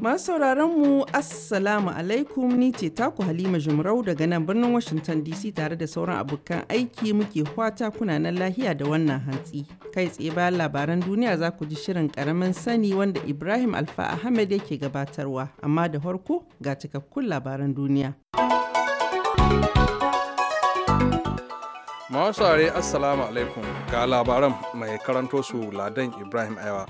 Masu sauraron mu Assalamu alaikum ni ce taku Halima Jumrau daga nan birnin Washington DC tare da sauran abokan aiki muke kwata kuna nan lahiya da wannan hantsi. Kai tsaye bayan labaran duniya za ku ji shirin karamin sani wanda Ibrahim Alfa Ahmed yake gabatarwa amma da farko ga cikakkun labaran duniya. Masu Assalamu alaikum ga labaran mai karanto su Ladan Ibrahim Aiwa.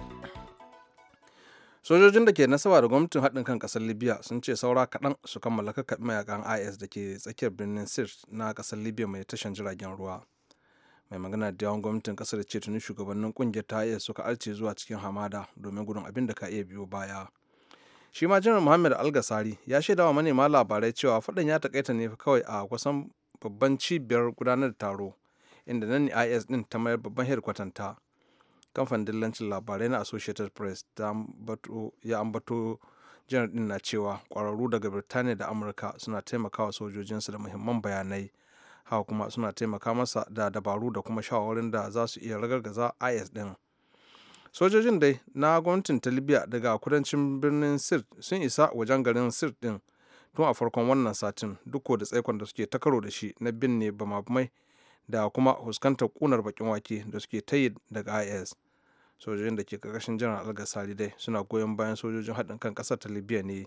sojojin da ke nasaba da gwamnatin haɗin kan ƙasar libya sun ce saura kaɗan su kammala kakkaɓe mayakan is da ke tsakiyar birnin sirt na kasar libya mai tashan jiragen ruwa mai magana da yawan gwamnatin ƙasar ce tuni shugabannin ƙungiyar ta is suka arce zuwa cikin hamada domin gudun abin da ka iya biyo baya shi ma jiran muhammad algasari ya shaida wa manema labarai cewa faɗin ya taƙaita ne kawai a kusan babban cibiyar gudanar da taro inda nan is ɗin ta mayar babban hedkwatanta kamfanin dillancin labarai na associated press ya ambato janar din na cewa kwararru daga birtaniya da amurka suna taimakawa sojojinsu da muhimman bayanai hawa kuma suna taimaka masa da dabaru da kuma shawarwarin da za su iya ragargaza is din sojojin dai na gwamnatin ta libya daga kudancin birnin sir sun isa wajen garin sir din tun a farkon wannan satin duk da tsaikon da suke takaro da shi na binne bamabumai da kuma fuskantar kunar bakin wake da suke ta yi daga is sojojin da ke karkashin janar algasari dai suna goyon bayan sojojin haɗin kan ƙasar ta libya ne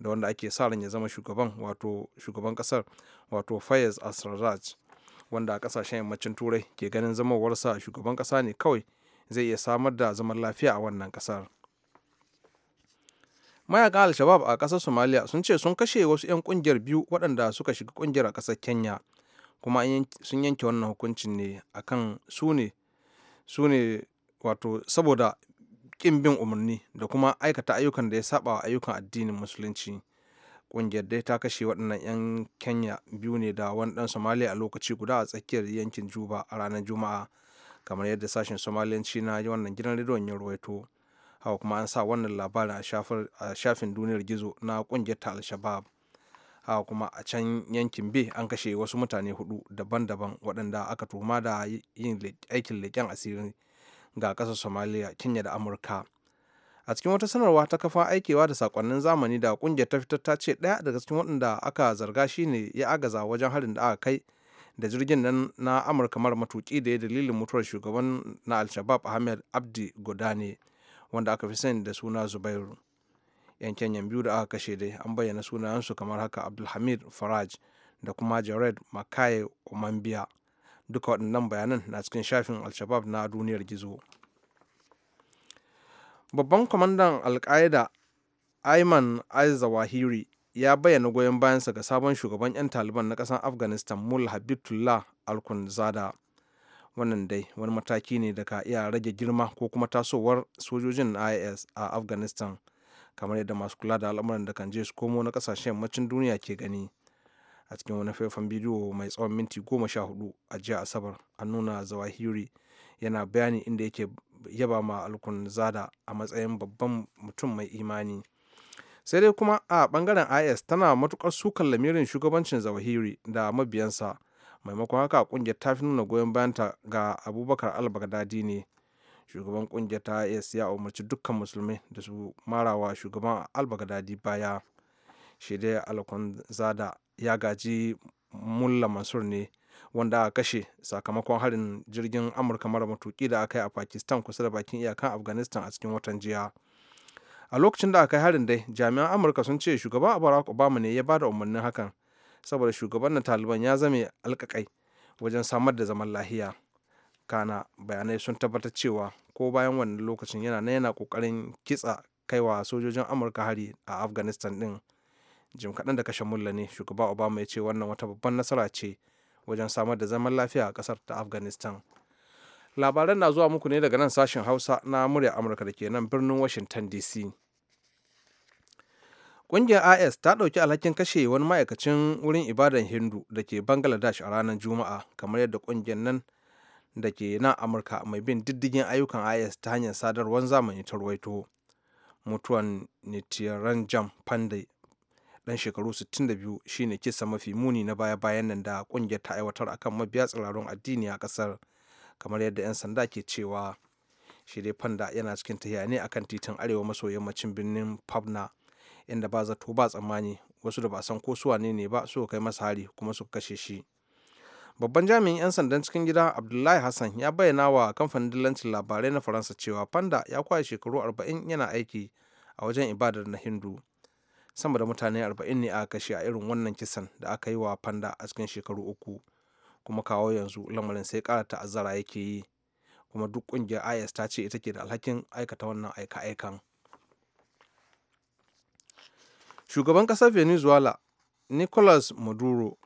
da wanda ake sa ran ya zama shugaban wato shugaban ƙasar wato fayez asrarat wanda a ƙasashen yammacin turai ke ganin zamowarsa shugaban ƙasa ne kawai zai iya samar da zaman lafiya a wannan ƙasar mayaka al-shabab a ƙasar somalia sun ce sun kashe wasu 'yan ƙungiyar biyu waɗanda suka shiga ƙungiyar a ƙasar kenya kuma sun yanke wannan hukuncin ne a su ne su ne wato saboda kin bin umarni da kuma aikata ayyukan da ya saba wa ayyukan addinin musulunci ƙungiyar dai ta kashe waɗannan 'yan kenya biyu ne da wani ɗan somaliya a lokaci guda a tsakiyar yankin juba a ranar juma'a kamar yadda sashen somaliyanci na wannan gidan rediyon ya ruwaito hawa kuma an sa wannan labarin a shafin duniyar gizo na ƙungiyar ta al-shabab a kuma a can yankin b an kashe wasu mutane hudu daban-daban waɗanda aka tuhuma da yin aikin leƙen asiri ga ƙasar somaliya kenya da amurka a cikin wata sanarwa ta kafa aikewa da sakonnin zamani da ƙungiyar ta fitar ta ce ɗaya daga cikin waɗanda aka zarga shine ya agaza wajen harin da aka kai da jirgin nan na amurka mara matuki da ya dalilin mutuwar shugaban na al-shabab ahmed abdi godane wanda aka fi sani da suna zubairu 'yan kenyan biyu da aka kashe dai an bayyana sunayensu kamar haka abdulhamid faraj da kuma jared makaye omambia duka waɗannan bayanan na cikin shafin alshabab na duniyar gizo babban kwamandan alkaida ayman al-zawahiri ya bayyana goyon bayansa ga sabon shugaban 'yan taliban na ƙasar afghanistan mul alkun alkunzada wannan dai wani mataki ne da ka iya rage girma ko kuma tasowar sojojin is a afghanistan kamar yadda masu kula da al'amuran da kan je su komo na kasashen yammacin duniya ke gani a cikin wani faifan bidiyo mai tsawon minti goma sha hudu a jiya asabar an nuna zawahiri yana bayani inda yake yaba ma alkun zada a matsayin babban mutum mai imani sai dai kuma a bangaren is tana matukar sukan lamirin shugabancin zawahiri da mabiyansa maimakon haka kungiyar ta fi nuna goyon bayanta ga abubakar al ne shugaban kungiyar ta is e ya umarci dukkan musulmai da su marawa shugaban albagadadi baya shida dai ya gaji mulla mansur ne wanda aka kashe sakamakon harin jirgin amurka mara matuki da aka yi a pakistan kusa da bakin iyakan afghanistan a cikin watan jiya a lokacin da aka yi harin dai jami'an amurka sun ce shugaban barack obama ne ya bada umarnin hakan saboda shugaban na taliban ya zame alkakai wajen samar da zaman lahiya kana bayanai sun tabbatar cewa ko bayan wannan lokacin yana na yana kokarin kitsa kaiwa sojojin amurka hari a afghanistan din jim kaɗan da kashe mulla ne shugaba obama ya ce wannan wata babban nasara ce wajen samar da zaman lafiya a ƙasar ta afghanistan labaran na zuwa muku ne daga nan sashen hausa na murya amurka da ke nan birnin washington dc ƙungiyar is ta ɗauki alhakin kashe wani ma'aikacin wurin ibadan hindu da ke bangladesh a ranar juma'a kamar yadda ƙungiyar nan da ke nan amurka mai bin diddigin ayyukan is ta hanyar sadarwar zamani ta ruwaito mutuwan jam pandey dan shekaru 62 shine kisa mafi muni na baya-bayan nan da kungiyar ta aiwatar akan mabiya tsiraron addini a kasar kamar yadda 'yan sanda ke cewa shi dai fanda yana cikin tahiya ne akan titin arewa maso yammacin birnin pabna inda ba zato ba tsammani wasu da ba san ko suwa ne ba suka kai masa hari kuma su kashe shi babban jami'in 'yan sandan cikin gida abdullahi hassan ya bayyana wa kamfanin dillancin labarai na faransa cewa fanda ya kwaye shekaru 40 yana aiki a wajen ibadar na hindu sama da mutane 40 ne a kashe a irin wannan kisan da aka yi wa fanda a cikin shekaru uku kuma kawo yanzu lamarin sai kara ta'azzara yake yi kuma duk ƙungiyar is ta ce ita ke da alhakin aikata wannan aika-aikan shugaban kasar venezuela nicolas maduro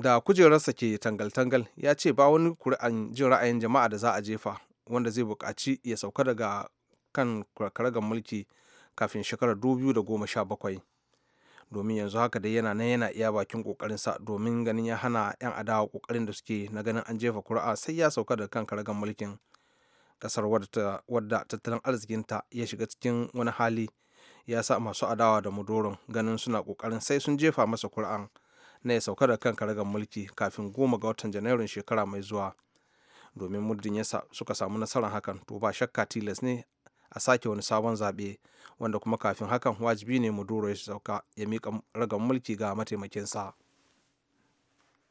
da kujerarsa ke tangal-tangal ya ce ba wani kuri'an jin ra'ayin jama'a da za a jefa wanda zai buƙaci ya sauka daga kan karagar mulki kafin shekarar bakwai domin yanzu haka dai yana nan yana iya bakin kokarinsa domin ganin ya hana 'yan adawa kokarin da suke na ganin an jefa kuri'a sai ya sauka daga kan karagar mulkin kasar wadda tattalin arzikinta ya shiga cikin wani hali ya sa masu adawa da mudoron ganin suna kokarin sai sun jefa masa kuri'an na ya sauka da kanka karagar mulki kafin goma ga watan janairun shekara mai zuwa domin muddin ya suka samu nasarar hakan to ba shakka tilas ne a sake wani sabon zaɓe wanda kuma kafin hakan wajibi ne maduro ya sauka ya miƙa ragan mulki ga mataimakinsa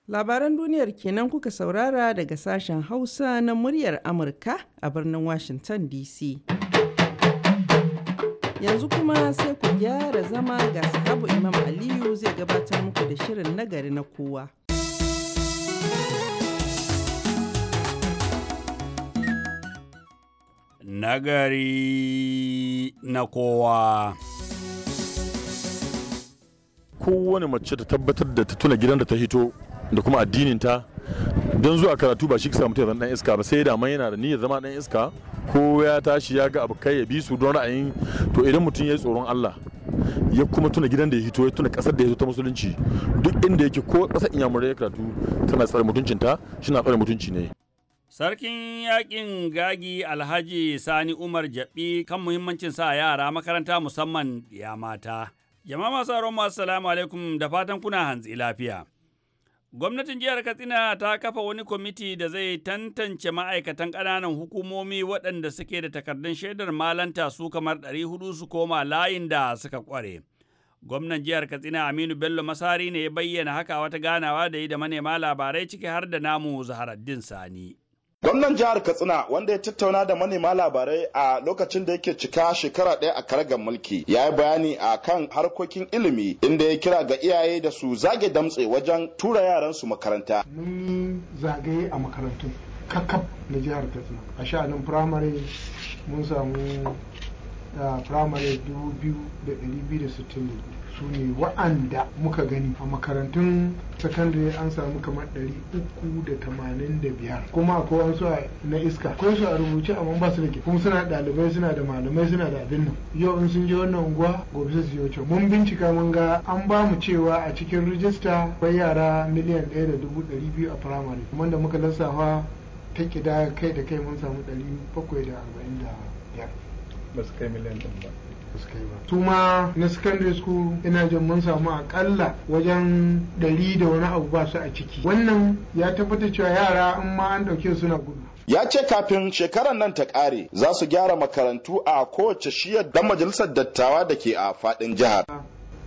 labaran duniyar kenan kuka saurara daga sashen hausa na muryar amurka a birnin washington dc Yanzu kuma sai ku gyara zama ga sahabu Imam Aliyu zai gabatar muku da shirin nagari na kowa. Nagari na kowa. Kowane mace ta tabbatar da ta tuna gidan da ta hito da kuma addininta don zuwa karatu ba shi kisa samu ta zan dan iska ba sai da yana da niyyar zama dan iska ko ya tashi ya ga abu kai ya bi su don ra'ayin to idan mutum ya yi tsoron Allah ya kuma tuna gidan da ya hito ya tuna kasar da ya zo ta musulunci duk inda yake ko kasar inyamurai ya karatu tana tsare mutuncinta shi na tsare mutunci ne Sarkin yakin gagi Alhaji Sani Umar Jabi kan muhimmancin sa yara makaranta musamman ya mata. Jama'a masu masu salamu alaikum da fatan kuna hantsi lafiya. Gwamnatin jihar Katsina ta kafa wani kwamiti da zai tantance ma'aikatan ƙananan hukumomi waɗanda suke da takardun shaidar malanta su kamar ɗari hudu su koma layin da suka ƙware. Gwamnan jihar Katsina Aminu Bello Masari ne ya bayyana haka wata ganawa da yi da manema labarai ciki har da namu Zaharaddin Sani. Gwamnan jihar Katsina wanda ya tattauna da manema labarai a lokacin da yake cika shekara ɗaya a karagar mulki ya yi bayani a kan harkokin ilimi inda ya kira ga iyaye da su zage damtse wajen tura yaransu makaranta. Mun zagaye a makarantu kakaf na jihar Katsina a sha'anin firamare mun samu firamare 2,260 su ne wa'anda muka gani a makarantun sakandare an samu kamar 385 kuma an su na iska akwai su a rubuce amma ba su da kuma suna ɗalibai suna da malamai suna da abin nan yau in sun je wannan unguwa gobe su yi wacce mun bincika mun ga an ba mu cewa a cikin rijista akwai yara miliyan ɗaya da dubu ɗari a firamare kuma da muka lissafa ta kida kai da kai mun samu ɗari bakwai da arba'in da ba su kai miliyan ɗin ba Tuma na secondary school ina jin mun samu akalla wajen ɗari da wani abu ba su a ciki wannan ya tabbatar cewa yara in ma an ɗauke suna gudu ya ce kafin shekarar nan ta ƙare za su gyara makarantu a kowace shiyar dan majalisar dattawa da ke a faɗin jihar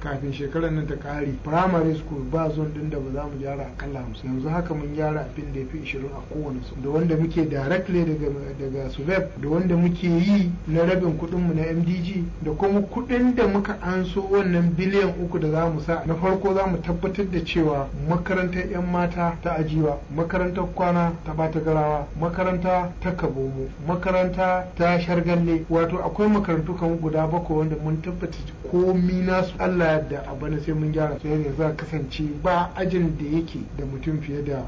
kafin shekarar nan ta kare primary school ba zon din da ba za mu gyara akalla hamsin yanzu haka mun gyara abin da ya fi ishirin a kowane su da wanda muke directly daga daga suvep da wanda muke yi na rabin kuɗin mu na mdg da kuma kuɗin da muka anso wannan biliyan uku da za mu sa na farko za mu tabbatar da cewa makarantar 'yan mata ta ajiwa makarantar kwana ta bata garawa makaranta ta kabomo makaranta ta shargalle wato akwai makarantu kamar guda bakwai wanda mun tabbata komi nasu allah Allah da na sai mun gyara sai ne za kasance ba ajin da yake da mutum fiye da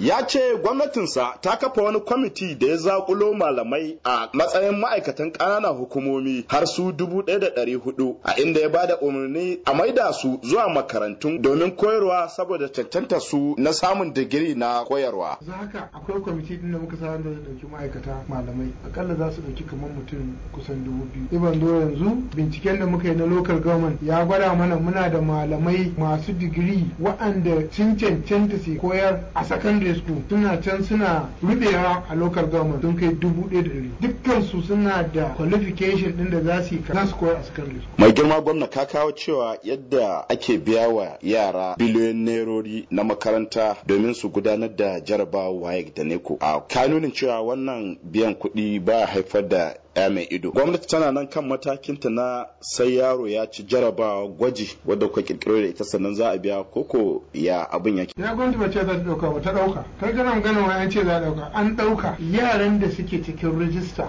ya ce gwamnatinsa ta kafa wani kwamiti da ya zakulo malamai a matsayin ma'aikatan ƙananan hukumomi har su dubu ɗaya da ɗari hudu a inda ya bada umarni a maida su zuwa makarantun domin koyarwa saboda cancanta su na samun digiri na koyarwa. za haka akwai kwamiti din da muka sa da ɗauki ma'aikata malamai akalla za su ɗauki kamar mutum kusan dubu biyu. Iban do yanzu binciken da muka yi na local government ya gwada mana muna da malamai masu digiri wa'anda sun cancanta su koyar a secondary school suna can suna rubewa a local government sun kai dubu ɗaya da ɗari dukkan su suna da qualification ɗin da za su yi za su koya a secondary school. mai girma gwamna ka kawo cewa yadda ake biya wa yara biliyoyin nerori na makaranta domin su gudanar da jarabawa waye da neko a kanunin cewa wannan biyan kuɗi ba haifar da ya mai ido gwamnati tana nan kan matakinta na sai yaro ya ci jarabawa gwaji wadda kuka kirkiro da ita sannan za a biya koko ya abin yake Ya gwamnati ba ce za ta dauka ba ta dauka kar gana magana wa an ce za a dauka an dauka yaran da suke cikin rijista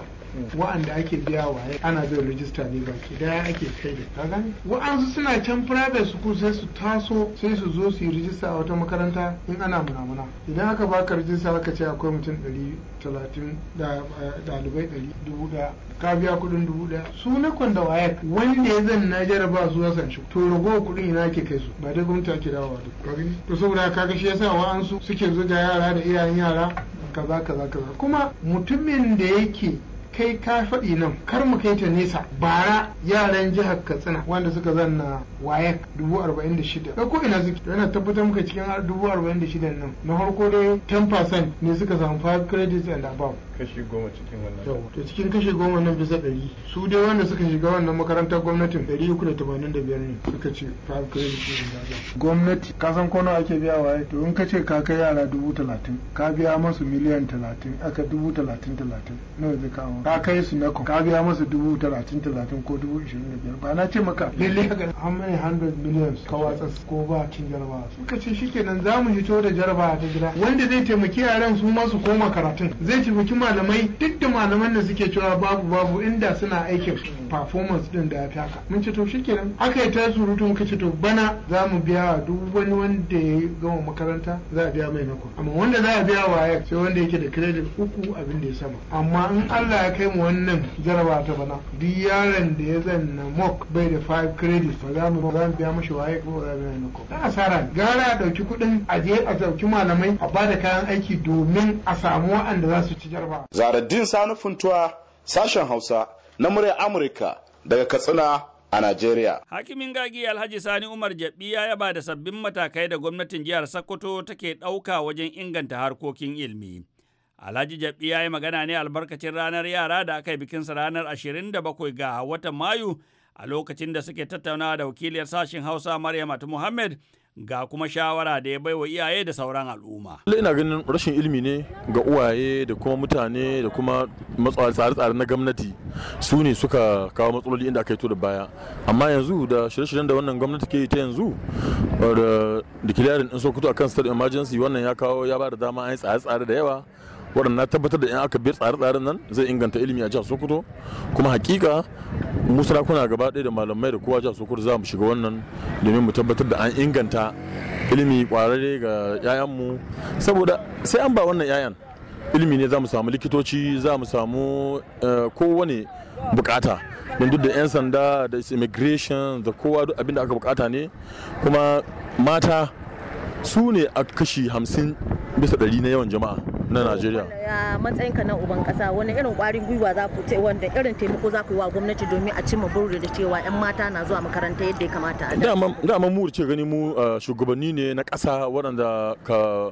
wa'anda ake biya wa ana bin rijista ne baki daya ake kai da kaga wa'ansu suna can private school sai su taso sai su zo su yi rijista a wata makaranta in ana munamuna idan aka baka rijista aka ce akwai mutum ɗari talatin dalibai eh, ɗari dubu ɗaya ka biya kuɗin dubu ɗaya su na kwanda waye wanda ya zan na jaraba su zasan shi to rago kudin ina ke kai su ba dai gwamnati ake dawowa duk to saboda kaga shi yasa wa'ansu suke da yara da iyayen yara kaza kaza kaza kuma mutumin da yake kai ka faɗi nan kar mu kai ta nesa bara yaran jihar katsina wanda suka zanna waye dubu arba'in da shida ko ina suke yana tabbatar muka cikin dubu arba'in da shida nan na farko dai 10% ne suka samu five credits and above kashi goma cikin wannan yau to cikin kashi goma nan bisa ɗari su dai wanda suka shiga wannan makarantar gwamnatin ɗari uku da tamanin da biyar ne suka ce five credit da gwamnati ka san kono ake biya waye to in ka ce ka kai yara dubu talatin ka biya masu miliyan talatin aka dubu talatin talatin nawa zai kawo ka kai su na ka biya masu dubu talatin talatin ko dubu ishirin da biyar ba na ce maka lalle ka how many hundred millions ka watsa ko ba cin jarabawa suka ce shikenan za mu hito da jarabawa ta gida wanda zai taimaki yaran su ma su koma karatun zai taimaki ma malamai duk da malaman da suke cewa babu babu inda suna aikin performance din da ya fi mun ce to shikenan aka yi ta surutu muka ce to bana za mu biya duk wani wanda ya gama makaranta za a biya mai nako amma wanda za a biya wa sai wanda yake da credit uku abin da ya sama amma in Allah ya kai mu wannan jaraba ta bana duk yaron da ya zanna mock bai da 5 credit ba za mu za mu biya mashi waye ko za mu biya nako da asara gara a dauki kuɗin a je a dauki malamai a bada kayan aiki domin a samu waɗanda za su ci jaraba. Zaradin Sani Funtuwa sashen Hausa na murya Amurka daga Katsina a Najeriya. Hakimin gagi Alhaji Sani Umar Jabi ya yaba da sabbin matakai da gwamnatin jihar Sokoto take ɗauka wajen inganta harkokin ilimi. Alhaji Jabi ya yi magana ne albarkacin ranar yara da aka yi bikinsa ranar 27 ga watan Mayu a lokacin da suke tattaunawa da wakiliyar sashen Hausa Maryam Muhammad ga kuma shawara da ya bai wa iyaye da sauran al'umma. ina ganin rashin ilimi ne ga uwaye da kuma mutane da kuma tsare-tsare na gwamnati su ne suka kawo matsaloli inda aka yi da baya amma yanzu da shirye-shiryen da wannan gwamnati ke ta yanzu da declaring in sokoto akan state emergency wannan ya kawo ya ba da dama an yi tsare-tsare da yawa waɗanda tabbatar da in aka biyar tsare-tsaren nan zai inganta ilimi a jihar sokoto kuma hakika mu sarakuna gaba ɗaya da malamai da kowa jihar sokoto za mu shiga wannan domin mu tabbatar da an inganta ilimi kwararre ga 'ya'yanmu saboda sai an ba wannan 'ya'yan ilimi ne za mu samu likitoci za mu samu eh, kowane bukata don duk da 'yan sanda da immigration da kowa duk abin da aka bukata ne kuma mata su ne a kashi 50 bisa ɗari na yawan jama'a na Najeriya. Ya matsayin ka na uban kasa wani irin kwarin gwiwa za ku ce wanda irin taimako za ku yi wa gwamnati domin a cimma burin da cewa yan mata na zuwa makaranta yadda ya kamata. Da ma mu ce gani mu shugabanni ne na kasa waɗanda ka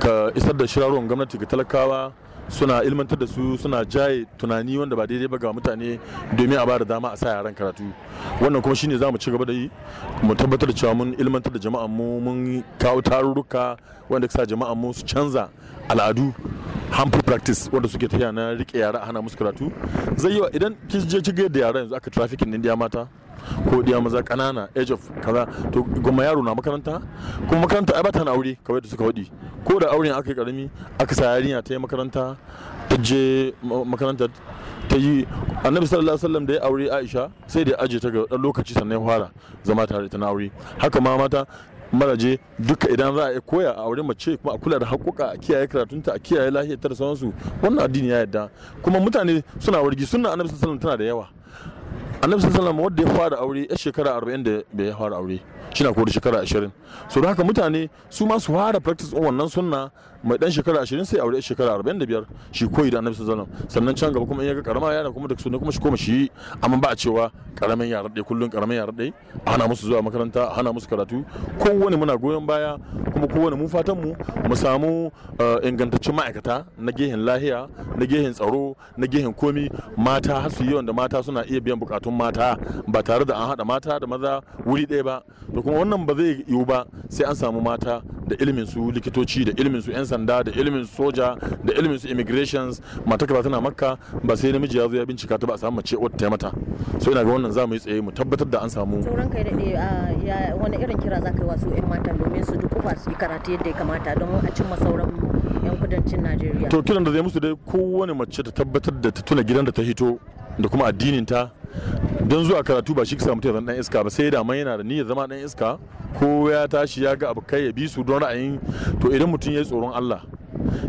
ka isar da shirarwar gwamnati ga talakawa suna ilmantar da su suna jaye tunani wanda ba daidai ba ga mutane domin a ba da dama a sa yaran karatu wannan kuma shine za mu ci gaba da yi mu tabbatar da cewa mun ilmantar da jama'an mu mun kawo tarurruka wanda ka sa jama'an mu su canza al'adu harmful practice wanda suke tafiya na rike yara hana musu karatu zai yi wa idan ki je ci ga da yara yanzu aka trafficking din mata ko diya maza kanana age of kaza to goma yaro na makaranta kuma makaranta ai bata na aure kawai da suka wadi ko da auren aka yi karami aka sa yarinya ta yi makaranta ta je makaranta ta yi annabi sallallahu alaihi wasallam da ya aure aisha sai da aje ta ga dan lokaci sannan ya fara zama tare ta na aure haka ma mata maraje duka idan za a yi koya a wurin mace kuma a kula da haƙuƙa a kiyaye karatunta a kiyaye lahiyar da da sauransu wannan addini ya yarda kuma mutane suna wargi suna annabi sallallahu tana da yawa annabi sallallahu wanda ya fara aure ya shekara 40 da ya fara aure shina ko da shekara ashirin so haka mutane su ma su fara practice din wannan sunna mai dan shekara ashirin sai aure shekara 45 da biyar shi koyi da annabi sallallahu alaihi sannan can gaba kuma in ya ga karama yana kuma da sunna kuma shi koma shi amma ba a cewa karamin yara dai kullun karamin yara dai ana musu zuwa makaranta ana musu karatu kowane muna goyon baya kuma kowane mu fatan mu mu samu eh, ingantaccen ma'aikata na gehen lahiya na gehen tsaro na gehen komi mata har su yi mata suna iya biyan bukatun mata ba tare da an haɗa mata da maza wuri ɗaya ba to kuma wannan ba zai yiwu ba sai an samu mata da ilimin su likitoci da ilimin su 'yan sanda da ilimin soja da ilimin su immigrations mata ka tana makka ba sai namiji ya zo ya bincika ta ba a samu mace wata ta mata so ina ga wannan za mu yi tsaye mu tabbatar da an samu sauran kai da daɗe ah, wani irin kira za ka yi wasu 'yan matan domin su duk su yi karatu yadda ya kamata don a cimma sauran 'yan kudancin najeriya to kiran da zai musu dai kowane mace ta tabbatar da ta tuna gidan da ta hito da kuma addinin ta don zuwa karatu ba shi kisa mutum zan dan iska ba sai da yana da niyyar zama dan iska ko ya tashi ya ga abu kai ya bi su don ra'ayin to idan mutum ya yi tsoron Allah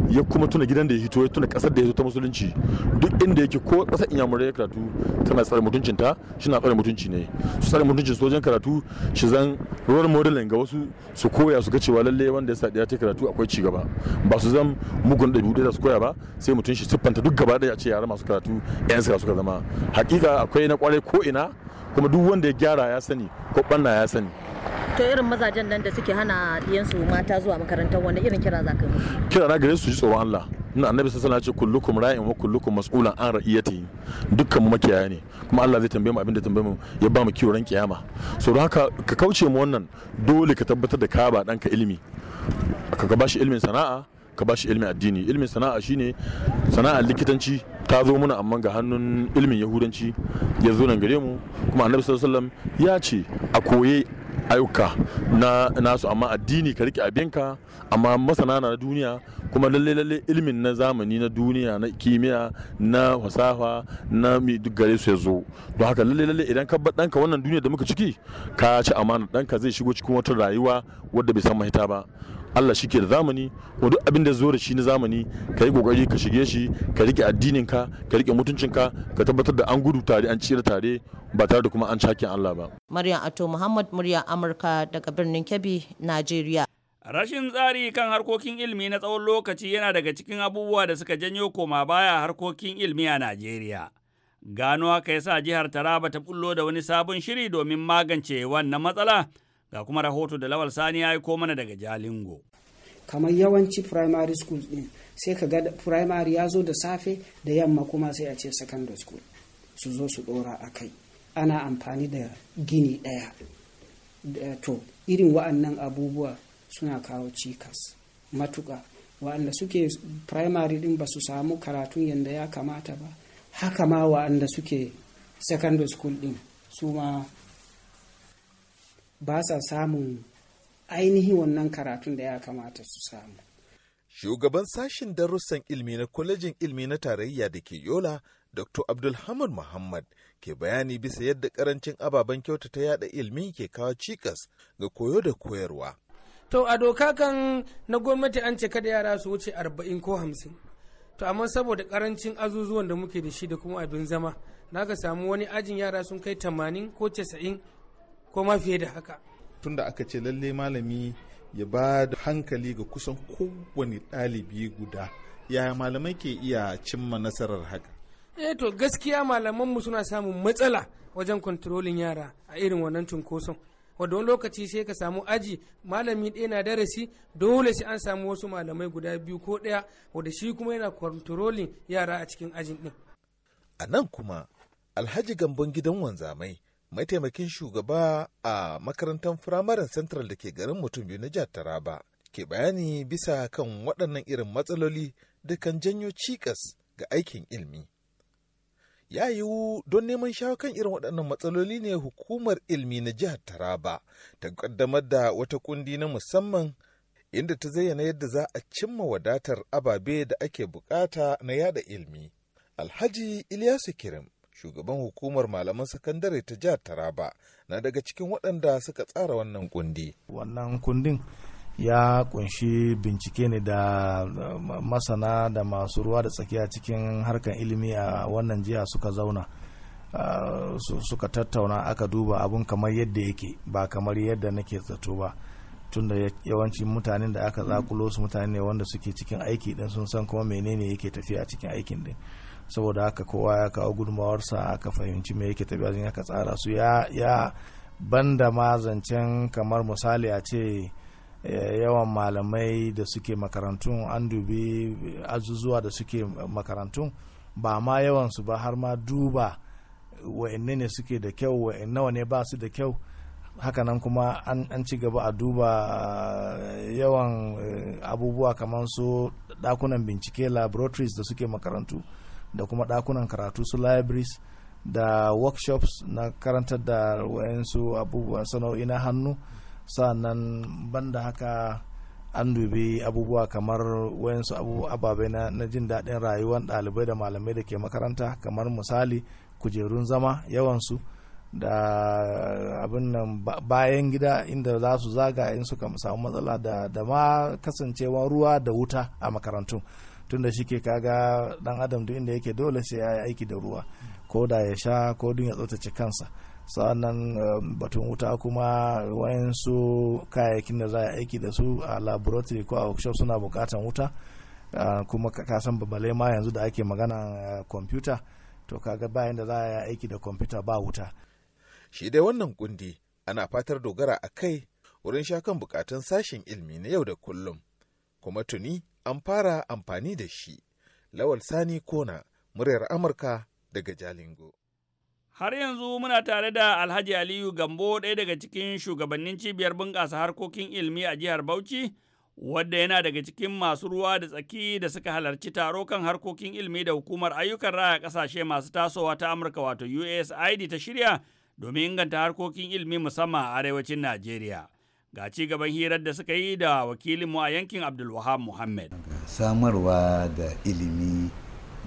ya kuma tuna gidan da ya hito ya tuna kasar da ya hito ta musulunci duk inda yake ko kasar inyamurai ya karatu tana tsare mutuncin ta shi na tsare mutunci ne su tsare mutuncin su karatu shi zan role model ga wasu su koya su ga cewa lalle wanda ya sa ya ta karatu akwai ci gaba ba su zan mugun da ɗabi'u da su koya ba sai mutum shi siffanta duk gaba da a ce yara masu karatu yan suka suka zama hakika akwai na kwarai ko ina kuma duk wanda ya gyara ya sani ko banna ya sani to irin mazajen nan da suke hana diyansu mata zuwa makarantar wanda irin kira za ka musu kira na gare su ji tsoron Allah ina annabi sallallahu alaihi wasallam ce kullukum ra'in wa kullukum mas'ulan an ra'iyatihi dukkan mu makiyaya ne kuma Allah zai tambaye mu abinda tambaye mu ya ba mu kiwo ran kiyama so don haka ka kauce mu wannan dole ka tabbatar da ka ba danka ilimi ka ka bashi ilimin sana'a ka bashi ilimin addini ilimin sana'a shine sana'ar likitanci ta zo muna amma ga hannun ilimin yahudanci ya zo nan gare mu kuma annabi sallallahu ya ce a koye ayyuka na nasu amma addini ka rike abinka amma masana na duniya kuma lalle lalle ilimin na zamani na duniya na kimiyya na fasaha na mi duk gare su ya zo don haka lalle lalle idan ka bar danka wannan duniya da muka ciki ka ci amana danka zai shigo cikin wata rayuwa wadda bai san mahita ba Allah shi ke da zamani ko duk abin da zo da shi na zamani ka yi kokari ka shige shi ka rike addininka ka rike mutuncinka ka tabbatar da an gudu tare an cire tare ba tare da kuma an cakin Allah ba. Maryam Ato Muhammad murya Amurka daga birnin Kebbi, Najeriya. Rashin tsari kan harkokin ilimi na tsawon lokaci yana daga cikin abubuwa da suka janyo koma baya harkokin ilimi a Najeriya. Gano haka yasa jihar Taraba ta bullo da wani sabon shiri domin magance wannan matsala. Ga kuma rahoto da Lawal Sani ya yi ko mana daga Jalingo. Kamar yawanci primary schools din sai ka ga primary ya zo da safe da yamma kuma sai a ce secondary school su zo su dora a kai. Ana amfani da gini ɗaya. To, irin wa'annan abubuwa suna kawo cikas matuka Wa'anda suke primary din ba su samu karatun yadda ya kamata ba. Haka ma wa'anda suke secondary school din su ma ba sa samun ainihi wannan karatun da ya kamata su samu. Shugaban sashen darussan ilmi na kwalejin ilmi na tarayya da ke Yola, Dr. Abdulhamid Muhammad ke bayani bisa yadda karancin ababen kyautata yada ilmi ke kawo cikas ga koyo da koyarwa. To a doka kan na gwamnati an ce kada yara su wuce arba'in ko hamsin. To amma saboda karancin azuzuwan da muke da shi da kuma abin zama, na ka samu wani ajin yara sun kai tamanin ko casa'in ko ma fiye da haka tunda aka ce lalle malami ya ba da hankali ga kusan kowane ɗalibi guda yaya malamai ke iya cimma nasarar haka eh to gaskiya malaman mu suna samun matsala wajen kontrolin yara a irin wannan cunkoson wadda wani lokaci sai ka samu aji malami ɗaya na darasi dole sai an samu wasu malamai guda biyu ko ɗaya wadda shi kuma yana kontrolin yara a cikin ajin ɗin a nan kuma alhaji gambon gidan wanzamai mataimakin shugaba a makarantar firamaren central da ke garin mutum biyu na jihar taraba ke bayani bisa kan waɗannan irin matsaloli da kan janyo cikas ga aikin ilmi ya yiwu don neman shawo kan irin waɗannan matsaloli ne hukumar ilmi na jihar taraba ta ƙaddamar da wata kundi na musamman inda ta zayyana yadda za a cimma wadatar ababe da ake bukata na yada ilmi alhaji iliyasu kirim shugaban hukumar malaman sakandare ta jihar taraba na daga cikin waɗanda suka tsara wannan kundi wannan kundin ya kunshi bincike ne da masana da masu ruwa da tsakiya cikin harkar ilimi a wannan jiya suka zauna suka tattauna aka duba abun kamar yadda yake ba kamar yadda nake zato ba tunda yawancin mutanen da aka zakulo su mutane ne wanda suke cikin aiki din sun san kuma menene yake tafiya cikin aikin din saboda haka kowa ya kawo gudunmawarsa aka fahimci mai yake tafiya jin aka tsara su ya banda ma zancen kamar misali a ce eh, yawan malamai da suke makarantun an dubi azuzuwa da suke makarantun ba ma yawansu ba har ma duba wa'anne ne suke da kyau nawa ne ba su da kyau hakanan kuma an ci gaba a duba eh, yawan eh, abubuwa kamar su dakunan bincike laboratories da suke makarantu da kuma ɗakunan karatu su libraries da workshops na karantar da wayansu abubuwan sana'o'i na hannu sannan banda haka an dubi abubuwa kamar wayansu ababe na, na jin daɗin rayuwar ɗalibai da malamai da ke makaranta kamar misali kujerun zama yawansu da abin nan bayan gida inda za su zaga in suka samu matsala da, ma kasancewa ruwa da wuta a makarantun tunda shi ke kaga dan adam duk inda yake dole sai ya yi aiki da ruwa ko da ya sha ko dun ya tsaftace kansa sa'annan um, batun wuta kuma wayansu kayayyakin da za a aiki da su a laboratory ko a workshop suna bukatan wuta uh, kuma ka san babalai ma yanzu da ake magana kwamfuta uh, to kaga bayan da za a yi aiki da kwamfuta ba wuta shi dai wannan kundi ana fatar dogara a kai wurin kan bukatun sashen ilmi na yau da kullum kuma tuni an fara amfani da shi. Lawal Sani Kona, muryar Amurka daga Jalingo. Har yanzu muna tare da Alhaji Aliyu Gambo ɗaya daga cikin shugabannin cibiyar bunƙasa harkokin ilmi a jihar Bauchi, wadda yana daga cikin masu ruwa da tsaki da suka halarci taro kan harkokin ilmi da hukumar ayyukan raya ƙasashe masu tasowa ta Amurka wato USAID ta shirya domin inganta harkokin ilmi musamman a arewacin Najeriya. ga ci gaban hirar da suka yi da wakilinmu a yankin abdulwahab muhammad samarwa da ilimi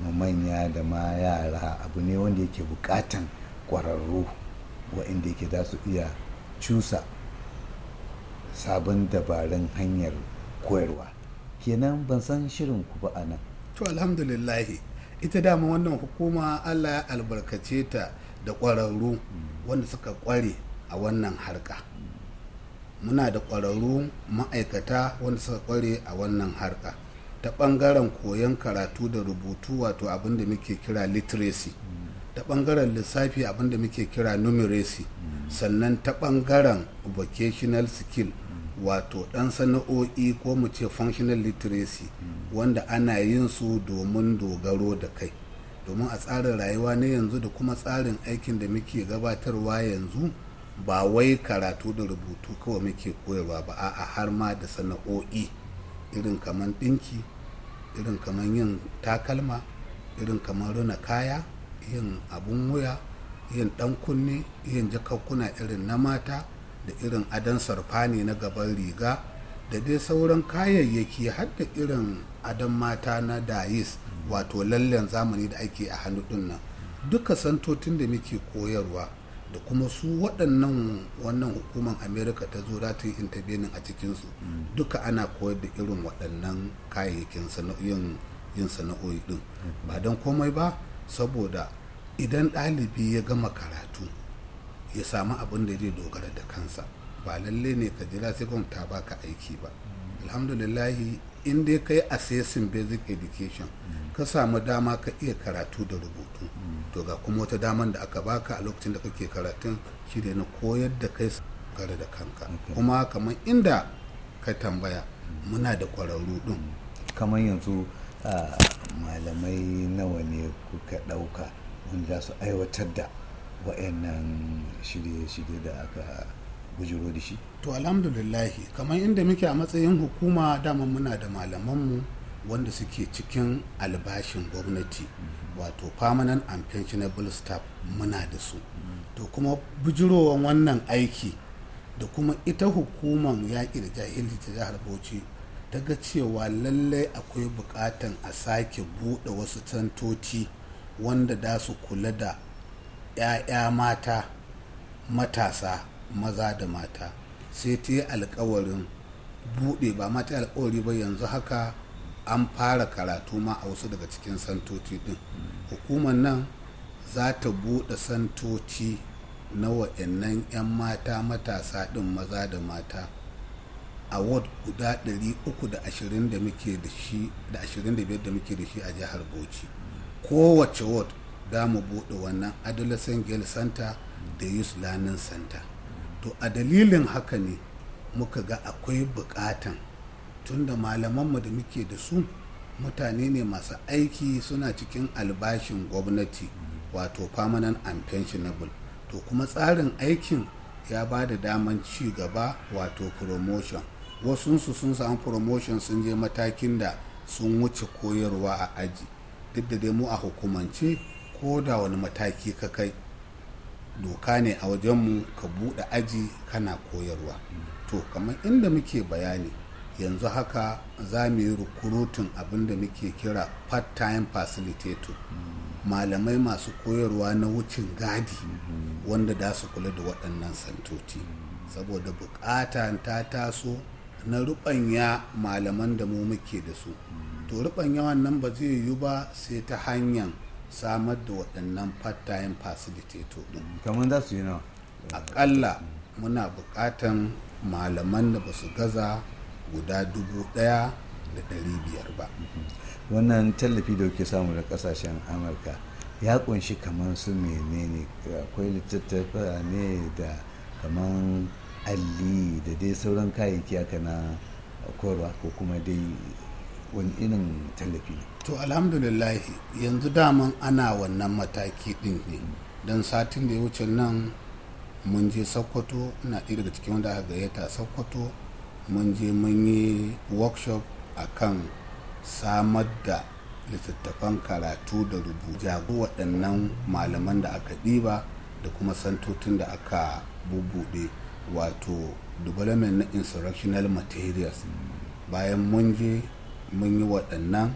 ma manya da ma yara abu ne wanda yake bukatan kwararru wainda yake za su iya cusa sabon dabarun hanyar koyarwa kenan ban san shirin ku ba a nan to alhamdulillahi ita dama wannan hukuma allah ya albarkace ta da kwararru mm. wanda suka kware a wannan harka muna da ƙwararru ma'aikata wanda suka ƙware a wannan harka ta ɓangaren koyon karatu da rubutu wato abin da muke kira literacy ta ɓangaren lissafi abin da muke kira numeracy sannan ta ɓangaren vocational skill wato ɗan sana'o'i ko mu ce functional literacy wanda ana yin su domin dogaro da kai domin a tsarin rayuwa na yanzu da kuma tsarin aikin da muke gabatarwa yanzu ba wai karatu da rubutu kawai muke koyarwa ba a'a har ma da sana'o'i irin kamar ɗinki irin kamar yin takalma irin kamar runa kaya yin abun wuya yin ɗan kunne yin jakakkuna irin na mata da irin adon sarfani na gaban riga da dai sauran kayayyaki har da irin adon mata na dayis wato lallen zamani da ake a hannu ɗin nan duka santotin da muke koyarwa da kuma su waɗannan wannan hukumar amerika ta zo ta yi a a cikinsu duka ana koyar da irin waɗannan kayayyakin sana'o'in yin sana'o'i din ba don komai ba saboda idan ɗalibi ya gama karatu ya samu abin da zai dogara da kansa ba lalle ne ka jira sai ta baka aiki ba alhamdulillahi in dai ka yi assessing basic education ka samu dama ka iya karatu da rubutu to ga kuma wata daman da aka baka a lokacin da kake karatun shi ne na koyar da kai kare da kanka kuma kamar inda ka tambaya muna da kwararru din kamar yanzu ah, malamai nawa ne kuka ɗauka wanda za su aiwatar da waɗannan shirye-shirye da aka bujiro da shi to alhamdulillah kamar inda muke a matsayin hukuma dama muna da malamanmu wanda suke cikin albashin gwamnati wato permanent and pensionable staff muna da su to kuma bujirowan wannan aiki da kuma ita hukuman yaƙi da jahilci ta jihar bauchi ta ga cewa lallai akwai buƙatan a sake buɗe wasu tantoci wanda da su kula da 'ya'ya mata matasa maza da mata sai ta yi alkawarin buɗe ba ma ta alkawari ba yanzu haka an fara karatu ma a wasu daga cikin santoci din hukumar nan za ta buɗe santoci na waɗannan 'yan mata matasa ɗin maza da mata a ward guda ɗari da muke da shi da a jihar bauchi kowace ward za mu buɗe wannan adolescent girl center da youth learning center to a dalilin haka ne muka ga akwai bukatan tunda malamanmu da muke da su mutane ne masu aiki suna cikin albashin gwamnati wato permanent and pensionable to kuma tsarin aikin ya ba da daman ci gaba wato promotion wasunsu sun samu promotion sun je matakin da sun wuce koyarwa a aji duk da dai mu a hukumance ko da wani mataki ka kai doka ne a wajenmu ka buɗe aji kana koyarwa to kamar inda muke bayani yanzu haka za mu yi rukurutun abin da muke kira part-time facilitator malamai masu koyarwa na wucin gadi wanda da su kula da waɗannan santoci saboda bukata ta taso na ruɓanya malaman da mu muke da su to rubanya wannan ba zai yiwu ba sai ta hanyar samar da waɗannan part-time facilitator ɗin kamar za su yi nawa aƙalla muna buƙatan malaman da ba su gaza guda dubu ɗaya da ɗari biyar ba wannan tallafi da kuke samu da ƙasashen amurka ya ƙunshi kamar su menene akwai littattafa ne da kamar alli da dai sauran kayayyaki haka na korwa ko kuma dai wani irin tallafi ne to alhamdulillah yanzu daman ana wannan mataki din ne don satin da ya wuce nan mun je sokoto na ɗaya daga cikin wanda aka gayyata sokoto mun je mun yi workshop kan samar da littattafan karatu da rubutu jago waɗannan malaman da aka ɗiba da kuma santotin da aka bubuɗe wato development na instructional materials bayan mun je mun yi waɗannan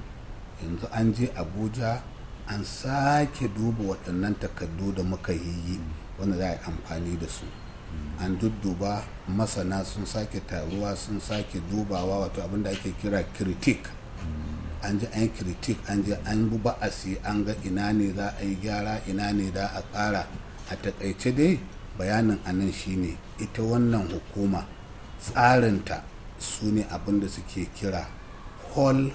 yanzu an je abuja an sake duba waɗannan takardu da muka yi wanda za a yi amfani da su an dudduba masana sun sake taruwa sun sake dubawa wato abinda ake kira kiritik an ji an critic an ji an bu ba'asi an ga ina ne za a yi gyara ina ne za a ƙara a takaice dai bayanin anan shine ita wannan hukuma tsarinta su ne abinda suke kira paul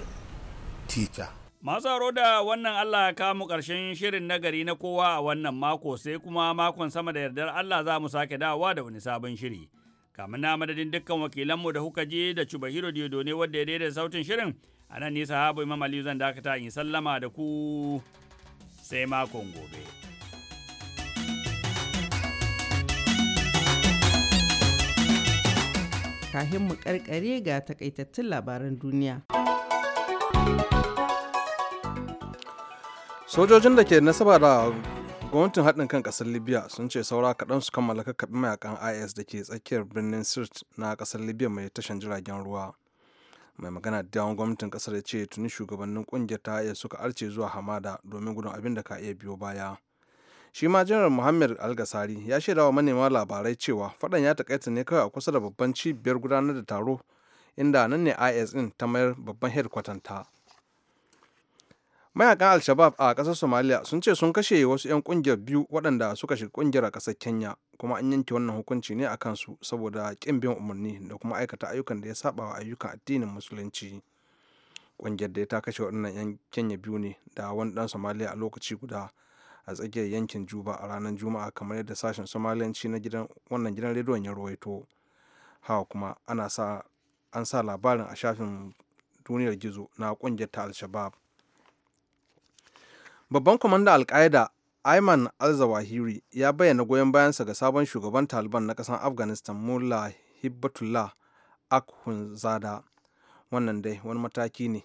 teacher. Masu da wannan Allah ya kamu ƙarshen shirin nagari na kowa a wannan mako sai kuma makon sama da yardar Allah za mu sake dawowa da wani sabon shiri. Kamar na madadin dukkan wakilanmu da kuka je da cuba Diodo ne wadda ya daidai sautin shirin a nan nisa habu Imam Aliyu zan dakata in sallama da ku sai makon gobe. kahin mu karkare ga takaitattun labaran duniya. Sojojin da ke nasaba da gwamnatin haɗin kan ƙasar Libya sun ce saura kaɗan su kammala kakkaɓin mayakan IS da ke tsakiyar birnin Sirt na ƙasar Libya mai tashan jiragen ruwa. mai magana da yawon gwamnatin kasar ya ce tuni shugabannin kungiyar ta iya suka arce zuwa hamada domin gudun abin da ka iya biyo baya shi ma janar muhammad algasari ya shaidawa manema labarai cewa fadan ya takaita ne kawai a kusa da babban cibiyar gudanar da taro inda nan ne is din ta mayar babban headquarter ta mayakan al-shabab a kasar somalia sun ce sun kashe wasu 'yan kungiyar biyu waɗanda suka shiga kungiyar a kasar kenya kuma an yanke wannan hukunci ne a kansu saboda kin bin umarni da kuma aikata ayyukan da ya saba wa ayyukan addinin musulunci kungiyar da ta kashe waɗannan 'yan kenya biyu ne da wani dan somalia a lokaci guda a tsakiyar yankin juba a ranar juma'a kamar yadda sashen somaliyanci na gidan wannan gidan rediyon ya rawaito hawa kuma ana sa an sa labarin a shafin duniyar gizo na kungiyar ta al-shabab babban kwamandan al-qaida ayman al-zawahiri ya bayyana goyon bayansa ga sabon shugaban taliban na kasar afghanistan mullah hibbatullah akhunzada wannan dai wani mataki ne